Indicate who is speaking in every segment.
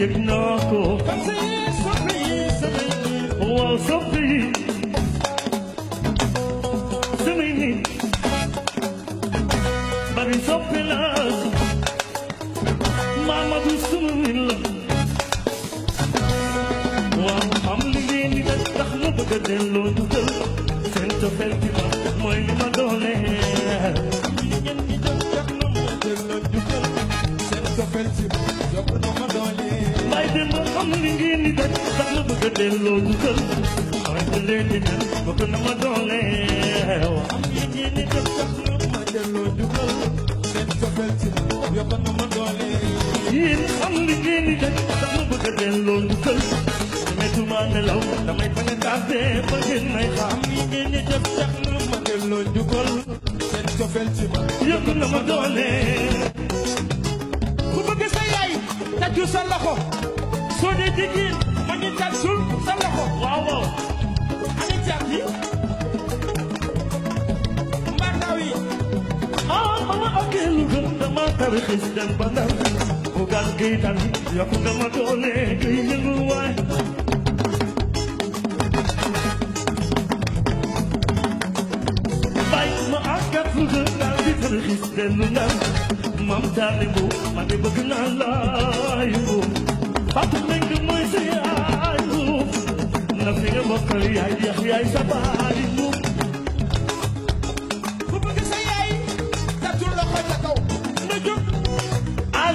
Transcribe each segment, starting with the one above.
Speaker 1: jednako. Sophie, Sophie, oh Sophie, Sophie, Bari sopelas, mama du sununilla. Wa hamli ni da takhnu bagadelo dudal, sento felti ma moy ma dole. yéen am li ma bëgg a delloo a tardé ba ngeen may xam li ngeen di ma delloo njukkal seen cofeel ci ma yëpp na ma doole ku bëgg sa yaay ma ah, tarixis dem ba ndar yokku gas gi dal yokku nga ma doole kuy yëngu waay bay ma àggat lu gën daal di tërxis benn ndam maam taalibu ma ne bëgg naa laa yóbbu Fatou Mbengue mooy sa yaay na fi bokkal yaay yax yaay sa baay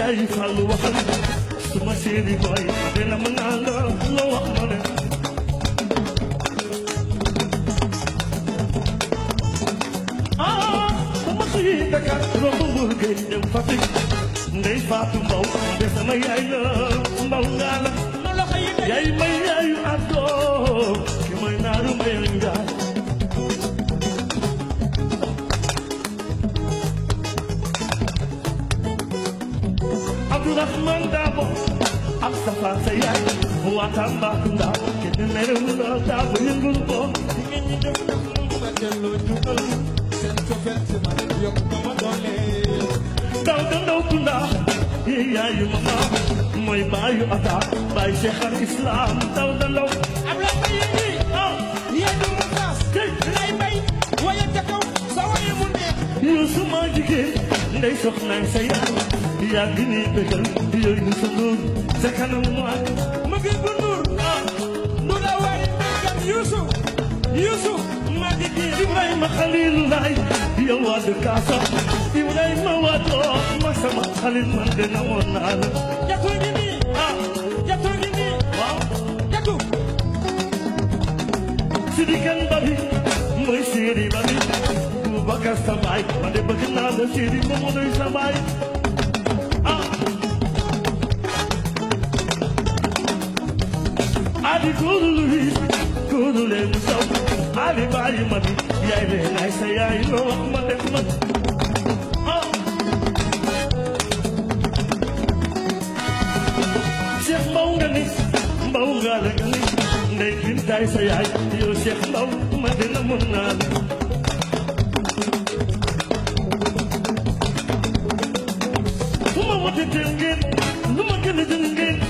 Speaker 1: yaay fal waxal suma seeni booy dina mën naa la loo wax ma ne ah suma suy Dakar romb Mbour Gueye dem Fatick ndey Fatou Mbow de sama yaay la Mbow ngaa la yaay may Abdurrahman Dabo ak Safa sa yaay bu waa Tambacounda kenn merewu la daa ba yëngul ko jigéen ñi dem na mu ma delloo jugal seen cofeel ci man yokk ba ma doole daw da ndaw kunda yaayu ma maam mooy baayu ata baay Cheikh al Islam daw da ndaw am la bay yi yaa du mu taas lay bay waaye ca kaw sa waye mu neex yu suma jigéen ndey soxna sa yaay yaa ngi nii bëggal yooyu nu sa nuur sa kanam mu ak ma ngi bu nuur ah nu la waay bëggal Yuusu Yuusu maa ngi kii Ibrahima Xalil laay yow waa de Kaasa Ibrahima waa doo ma sama xalil man de na woon naa la jatoo ngi nii ah jatoo ngi nii waaw jatu sidikan ba bi mooy siiri ba bi Boubacar sa baay ma de bëgg naa la siiri ba mu nuy sa baay abi kurulu kurulu musaw abi bari mami yaay be lay sa yaay ma def ma lu ma wote jël lu ma gën a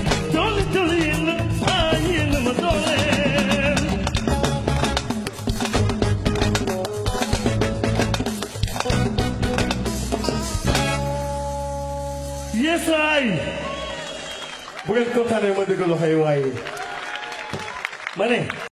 Speaker 1: bu ngeen kontaanee ma dëgg loxo yi waaye ma ne